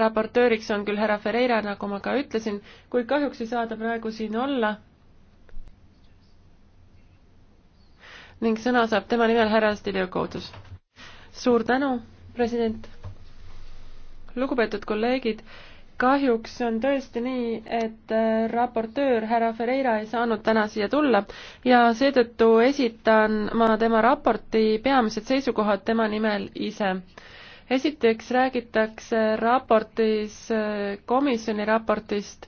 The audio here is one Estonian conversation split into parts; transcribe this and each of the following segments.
raportööriks on küll härra Ferreira, nagu ma ka ütlesin, kuid kahjuks ei saa ta praegu siin olla. ning sõna saab tema nimel härra Stiljokotus. suur tänu, president. lugupeetud kolleegid, kahjuks on tõesti nii, et äh, raportöör härra Ferreira ei saanud täna siia tulla ja seetõttu esitan ma tema raporti peamised seisukohad tema nimel ise esiteks räägitakse raportis, komisjoni raportist,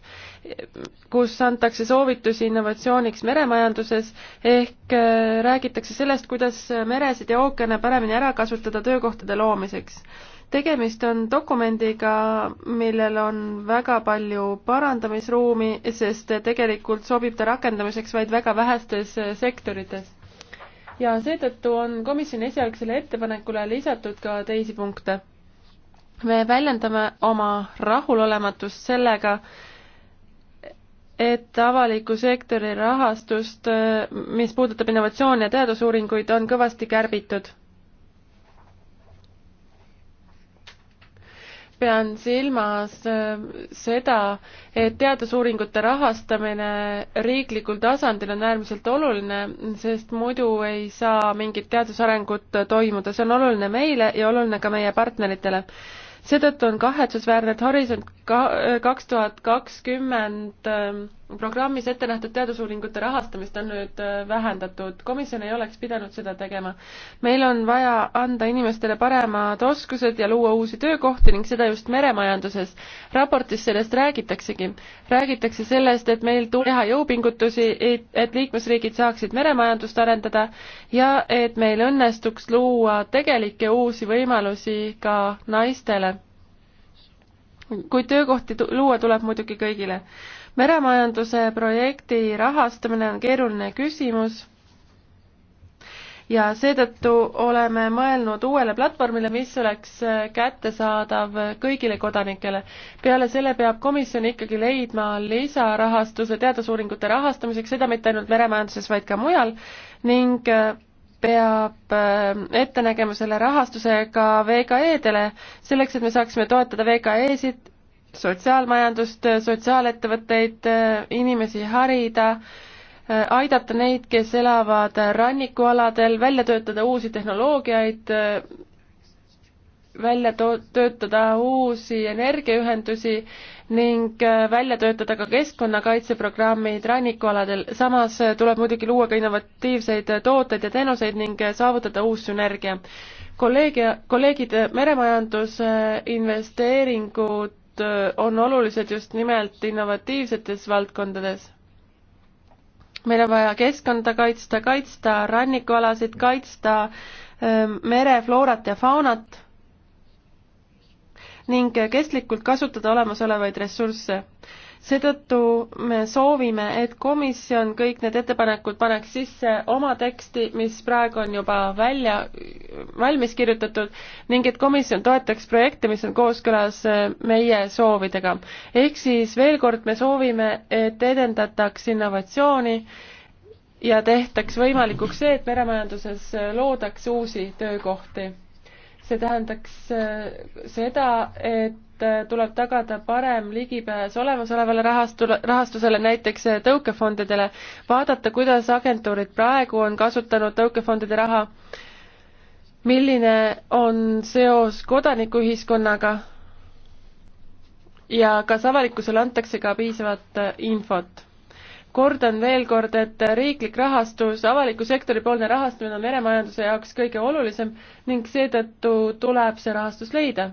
kus antakse soovitusi innovatsiooniks meremajanduses, ehk äh, räägitakse sellest, kuidas meresid ja ookeane paremini ära kasutada töökohtade loomiseks. tegemist on dokumendiga, millel on väga palju parandamisruumi, sest tegelikult sobib ta rakendamiseks vaid väga vähestes äh, sektorites ja seetõttu on komisjoni esialgsele ettepanekule lisatud ka teisi punkte. me väljendame oma rahulolematust sellega, et avaliku sektori rahastust, mis puudutab innovatsiooni ja teadusuuringuid, on kõvasti kärbitud pean silmas äh, seda, et teadusuuringute rahastamine riiklikul tasandil on äärmiselt oluline, sest muidu ei saa mingit teadusarengut toimuda, see on oluline meile ja oluline ka meie partneritele. seetõttu on kahetsusväärne, et Horisont äh, kaks tuhat kakskümmend ähm, programmis ette nähtud teadusuuringute rahastamist on nüüd äh, vähendatud. komisjon ei oleks pidanud seda tegema. meil on vaja anda inimestele paremad oskused ja luua uusi töökohti ning seda just meremajanduses. raportis sellest räägitaksegi. räägitakse sellest, et meil tuleb teha jõupingutusi, et liikmesriigid saaksid meremajandust arendada ja et meil õnnestuks luua tegelikke uusi võimalusi ka naistele. kuid töökohti luua tuleb muidugi kõigile meremajanduse projekti rahastamine on keeruline küsimus ja seetõttu oleme mõelnud uuele platvormile, mis oleks kättesaadav kõigile kodanikele. peale selle peab komisjon ikkagi leidma lisarahastuse teadusuuringute rahastamiseks, seda mitte ainult meremajanduses, vaid ka mujal, ning äh, peab äh, ette nägema selle rahastuse ka VKE-dele, selleks et me saaksime toetada VKE-sid sotsiaalmajandust, sotsiaalettevõtteid, inimesi harida, aidata neid, kes elavad rannikualadel, välja töötada uusi tehnoloogiaid, välja to-, töötada uusi energiaühendusi ning välja töötada ka keskkonnakaitseprogrammid rannikualadel. samas tuleb muidugi luua ka innovatiivseid tooteid ja teenuseid ning saavutada uus sünergia. kolleeg ja, kolleegid, meremajanduse investeeringud Äh, on olulised just nimelt innovatiivsetes valdkondades. meil on vaja keskkonda kaitsta, kaitsta rannikualasid, kaitsta ähm, merefloorat ja faunat ning kestlikult kasutada olemasolevaid ressursse. seetõttu me soovime, et komisjon kõik need ettepanekud paneks sisse oma teksti, mis praegu on juba välja, valmis kirjutatud ning et komisjon toetaks projekte, mis on kooskõlas äh, meie soovidega. ehk siis veel kord, me soovime, et edendataks innovatsiooni ja tehtaks võimalikuks see, et meremajanduses äh, loodaks uusi töökohti see tähendaks äh, seda, et äh, tuleb tagada parem ligipääs olemasolevale rahastu-, rahastusele, näiteks äh, tõukefondidele, vaadata, kuidas agentuurid praegu on kasutanud tõukefondide raha, milline on seos kodanikuühiskonnaga ja kas avalikkusele antakse ka piisavat infot kordan veel kord, et riiklik rahastus, avaliku sektori poolne rahastamine on meremajanduse jaoks kõige olulisem ning seetõttu tuleb see rahastus leida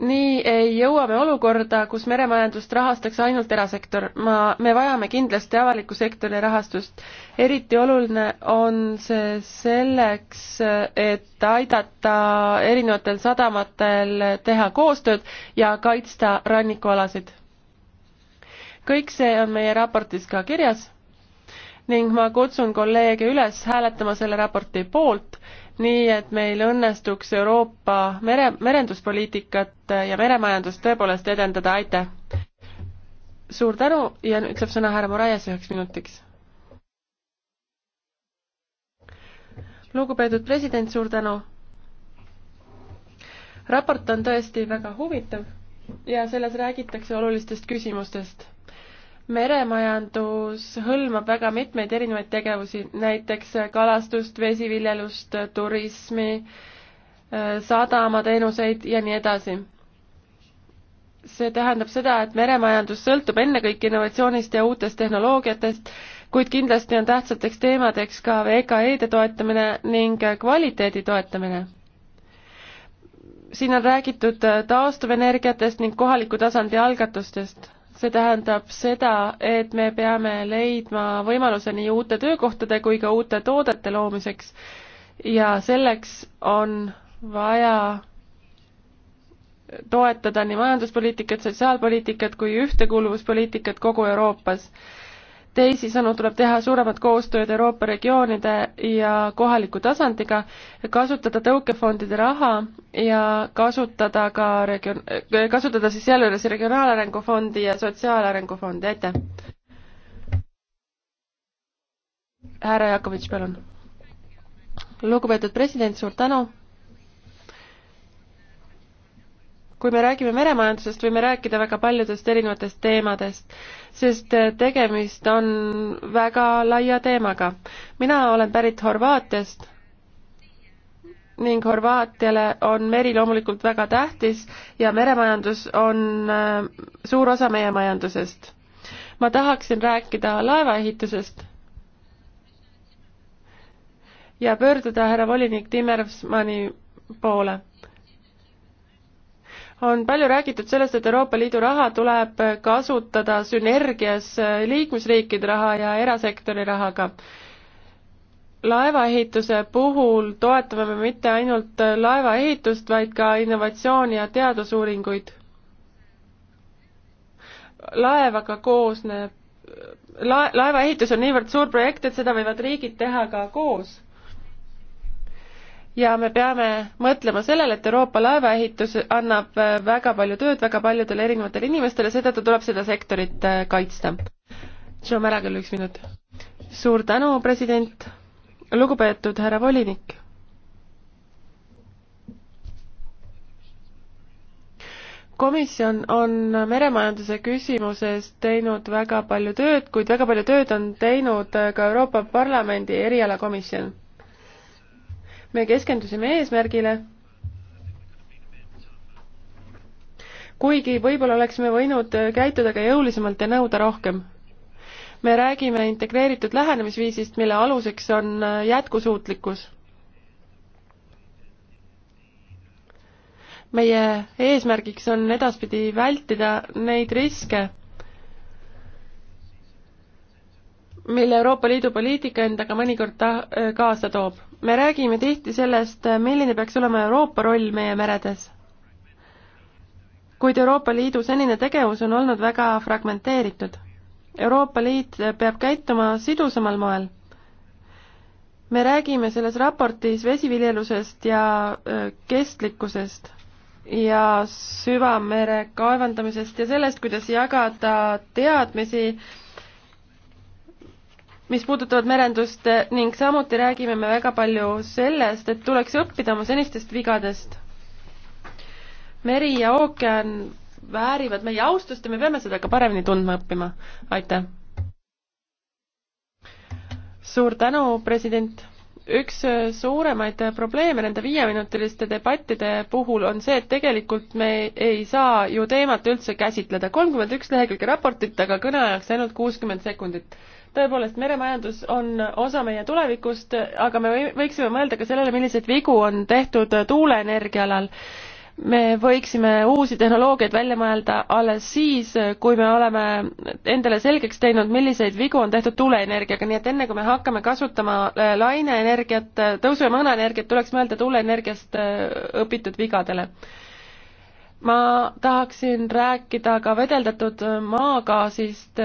nii ei jõua me olukorda, kus meremajandust rahastaks ainult erasektor. ma, me vajame kindlasti avaliku sektori rahastust. eriti oluline on see selleks, et aidata erinevatel sadamatel teha koostööd ja kaitsta rannikualasid. kõik see on meie raportis ka kirjas ning ma kutsun kolleege üles hääletama selle raporti poolt nii et meil õnnestuks Euroopa mere, merenduspoliitikat ja meremajandust tõepoolest edendada, aitäh! suur tänu ja nüüd saab sõna härra Moraias üheks minutiks. lugupeetud president, suur tänu! raport on tõesti väga huvitav ja selles räägitakse olulistest küsimustest meremajandus hõlmab väga mitmeid erinevaid tegevusi, näiteks kalastust, vesiviljelust, turismi, sadamateenuseid ja nii edasi. see tähendab seda, et meremajandus sõltub ennekõike innovatsioonist ja uutest tehnoloogiatest, kuid kindlasti on tähtsateks teemadeks ka VKE-de toetamine ning kvaliteedi toetamine siin on räägitud taastuvenergiatest ning kohaliku tasandi algatustest see tähendab seda, et me peame leidma võimaluse nii uute töökohtade kui ka uute toodete loomiseks ja selleks on vaja toetada nii majanduspoliitikat, sotsiaalpoliitikat kui ühtekuuluvuspoliitikat kogu Euroopas teisisõnu tuleb teha suuremat koostööd Euroopa regioonide ja kohaliku tasandiga, kasutada tõukefondide raha ja kasutada ka region-, kasutada siis sealjuures Regionaalarengu Fondi ja Sotsiaalarengu Fondi, aitäh! härra Jakovitš, palun! lugupeetud president, suur tänu! kui me räägime meremajandusest, võime rääkida väga paljudest erinevatest teemadest, sest äh, tegemist on väga laia teemaga. mina olen pärit Horvaatiast ning Horvaatiale on meri loomulikult väga tähtis ja meremajandus on äh, suur osa meie majandusest. ma tahaksin rääkida laevaehitusest ja pöörduda härra volinik Timmermanni poole on palju räägitud sellest, et Euroopa Liidu raha tuleb kasutada sünergias liikmesriikide raha ja erasektori rahaga. laevaehituse puhul toetame me mitte ainult laevaehitust, vaid ka innovatsiooni ja teadusuuringuid. laevaga koosneb, lae-, laevaehitus on niivõrd suur projekt, et seda võivad riigid teha ka koos ja me peame mõtlema sellele, et Euroopa laevaehitus annab äh, väga palju tööd väga paljudele erinevatele inimestele, seetõttu tuleb seda sektorit äh, kaitsta. Joe Märagel üks minut. suur tänu, president. lugupeetud härra volinik. komisjon on meremajanduse küsimuses teinud väga palju tööd, kuid väga palju tööd on teinud ka Euroopa Parlamendi erialakomisjon me keskendusime eesmärgile, kuigi võib-olla oleksime võinud käituda ka jõulisemalt ja nõuda rohkem. me räägime integreeritud lähenemisviisist, mille aluseks on jätkusuutlikkus. meie eesmärgiks on edaspidi vältida neid riske, mille Euroopa Liidu poliitika endaga mõnikord ta-, äh, kaasa toob me räägime tihti sellest, milline peaks olema Euroopa roll meie meredes. kuid Euroopa Liidu senine tegevus on olnud väga fragmenteeritud. Euroopa Liit peab käituma sidusamal moel. me räägime selles raportis vesiviljelusest ja kestlikkusest ja süvamere kaevandamisest ja sellest, kuidas jagada teadmisi mis puudutavad merendust eh, ning samuti räägime me väga palju sellest, et tuleks õppida oma senistest vigadest. meri ja ookean väärivad meie austust ja me peame seda ka paremini tundma õppima. aitäh! suur tänu, president! üks eh, suuremaid probleeme nende viieminutiliste debattide puhul on see, et tegelikult me ei saa ju teemat üldse käsitleda. kolmkümmend üks lehekülge raportit, aga kõneajaks ainult kuuskümmend sekundit tõepoolest, meremajandus on osa meie tulevikust, aga me võiksime mõelda ka sellele, milliseid vigu on tehtud tuuleenergia alal. me võiksime uusi tehnoloogiaid välja mõelda alles siis, kui me oleme endale selgeks teinud, milliseid vigu on tehtud tuuleenergiaga, nii et enne kui me hakkame kasutama äh, laineenergiat, tõusu- ja mõõnaenergiat, tuleks mõelda tuuleenergiast äh, õpitud vigadele ma tahaksin rääkida ka vedeldatud maagaasist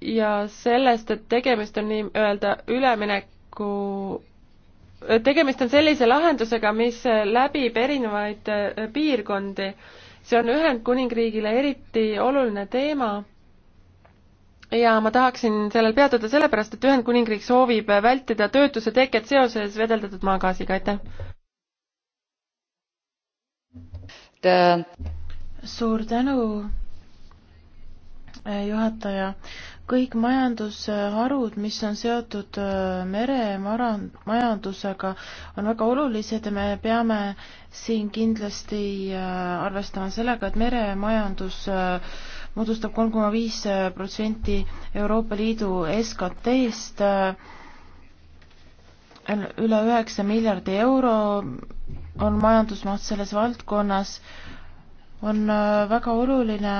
ja sellest, et tegemist on nii-öelda ülemineku, tegemist on sellise lahendusega, mis läbib erinevaid piirkondi. see on Ühendkuningriigile eriti oluline teema ja ma tahaksin sellel peatuda sellepärast, et Ühendkuningriik soovib vältida töötuse teket seoses vedeldatud maagaasiga, aitäh! Äh, suur tänu, äh, juhataja. kõik majandusharud, mis on seotud äh, meremajandusega, on väga olulised ja me peame siin kindlasti arvestama sellega, et meremajandus moodustab kolm koma viis protsenti Euroopa Liidu SKT-st, üle üheksa miljardi euro on majandusmaht selles valdkonnas, on äh, väga oluline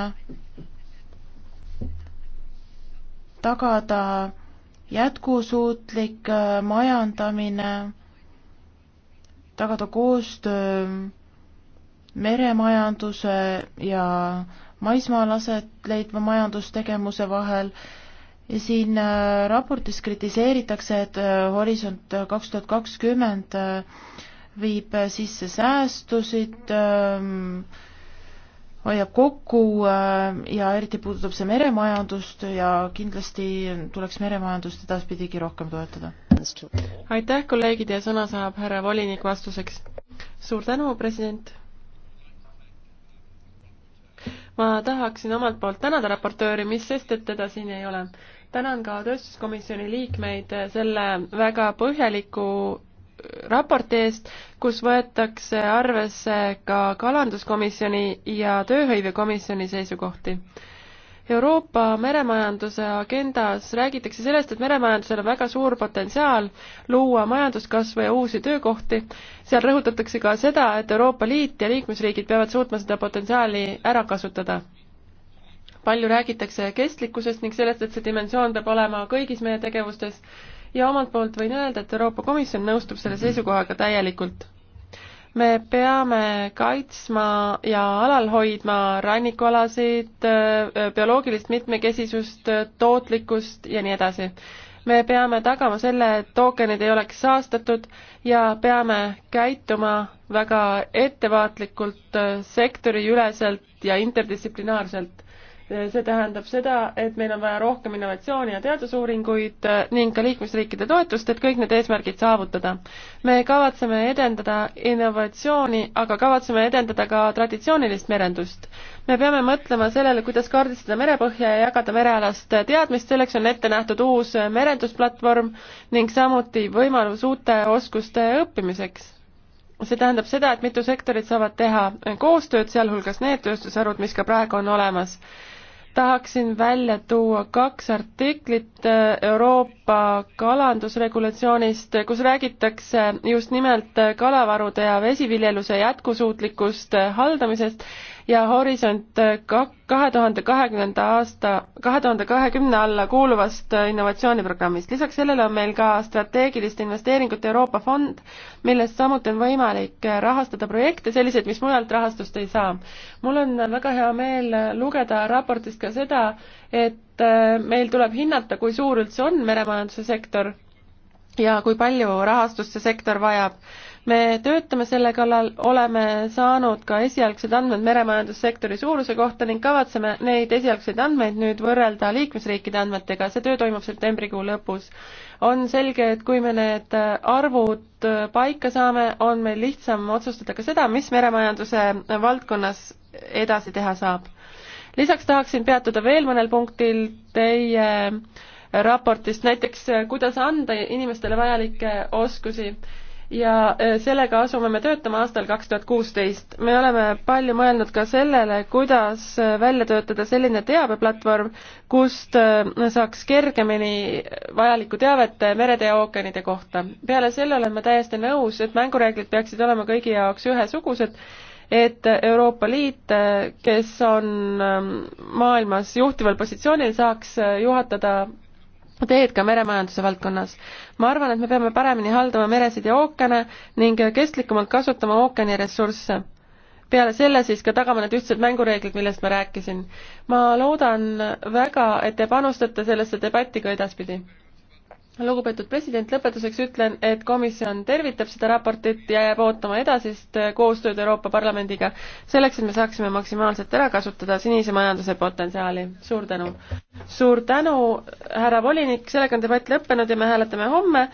tagada jätkusuutlik äh, majandamine, tagada koostöö meremajanduse ja maismaal aset leidva majandustegevuse vahel ja siin äh, raportis kritiseeritakse, et Horisont kaks tuhat kakskümmend viib sisse säästusid, ähm, hoiab kokku ähm, ja eriti puudutab see meremajandust ja kindlasti tuleks meremajandust edaspidigi rohkem toetada. aitäh, kolleegid, ja sõna saab härra volinik vastuseks. suur tänu, president! ma tahaksin omalt poolt tänada raportööri, mis sest, et teda siin ei ole. tänan ka tööstuskomisjoni liikmeid selle väga põhjaliku raporti eest, kus võetakse arvesse ka kalanduskomisjoni ja tööhõivekomisjoni seisukohti. Euroopa meremajanduse agendas räägitakse sellest, et meremajandusel on väga suur potentsiaal luua majanduskasvu ja uusi töökohti. seal rõhutatakse ka seda, et Euroopa Liit ja liikmesriigid peavad suutma seda potentsiaali ära kasutada. palju räägitakse kestlikkusest ning sellest, et see dimensioon peab olema kõigis meie tegevustes ja omalt poolt võin öelda, et Euroopa Komisjon nõustub selle seisukohaga täielikult. me peame kaitsma ja alal hoidma rannikualasid, bioloogilist mitmekesisust, tootlikkust ja nii edasi me peame tagama selle, et ookeanid ei oleks saastatud ja peame käituma väga ettevaatlikult äh, sektoriüleselt ja interdistsiplinaarselt see tähendab seda, et meil on vaja rohkem innovatsiooni ja teadusuuringuid äh, ning ka liikmesriikide toetust, et kõik need eesmärgid saavutada. me kavatseme edendada innovatsiooni, aga kavatseme edendada ka traditsioonilist merendust. me peame mõtlema sellele, kuidas kaardistada merepõhja ja jagada merealast teadmist, selleks on ette nähtud uus merendusplatvorm ning samuti võimalus uute oskuste õppimiseks see tähendab seda, et mitu sektorit saavad teha koostööd, sealhulgas need tööstusharud, mis ka praegu on olemas tahaksin välja tuua kaks artiklit äh, Euroopa kalandusregulatsioonist, kus räägitakse just nimelt äh, kalavarude ja vesiviljeluse jätkusuutlikust äh, haldamisest ja Horisont kahe tuhande kahekümnenda aasta, kahe tuhande kahekümne alla kuuluvast innovatsiooniprogrammist. lisaks sellele on meil ka strateegiliste investeeringute Euroopa fond, millest samuti on võimalik rahastada projekte, selliseid, mis mujalt rahastust ei saa. mul on väga hea meel lugeda raportist ka seda, et meil tuleb hinnata, kui suur üldse on meremajanduse sektor ja kui palju rahastust see sektor vajab me töötame selle kallal, oleme saanud ka esialgsed andmed meremajandussektori suuruse kohta ning kavatseme neid esialgseid andmeid nüüd võrrelda liikmesriikide andmetega, see töö toimub septembrikuu lõpus. on selge, et kui me need arvud paika saame, on meil lihtsam otsustada ka seda, mis meremajanduse valdkonnas edasi teha saab. lisaks tahaksin peatuda veel mõnel punktil teie raportist, näiteks kuidas anda inimestele vajalikke oskusi ja äh, sellega asume me töötama aastal kaks tuhat kuusteist. me oleme palju mõelnud ka sellele, kuidas äh, välja töötada selline teabeplatvorm, kust äh, saaks kergemini vajalikku teavet merede ja ookeanide kohta. peale selle olen ma täiesti nõus, et mängureeglid peaksid olema kõigi jaoks ühesugused, et Euroopa Liit, kes on ähm, maailmas juhtival positsioonil, saaks juhatada teed ka meremajanduse valdkonnas. ma arvan, et me peame paremini haldama meresid ja ookeane ning kestlikumalt kasutama ookeani ressursse. peale selle siis ka tagama need ühtsed mängureeglid, millest ma rääkisin. ma loodan väga, et te panustate sellesse debatti ka edaspidi lugupeetud president, lõpetuseks ütlen, et komisjon tervitab seda raportit ja jääb ootama edasist äh, koostööd Euroopa Parlamendiga, selleks et me saaksime maksimaalselt ära kasutada sinise majanduse potentsiaali. suur tänu! suur tänu, härra volinik, sellega on debatt lõppenud ja me hääletame homme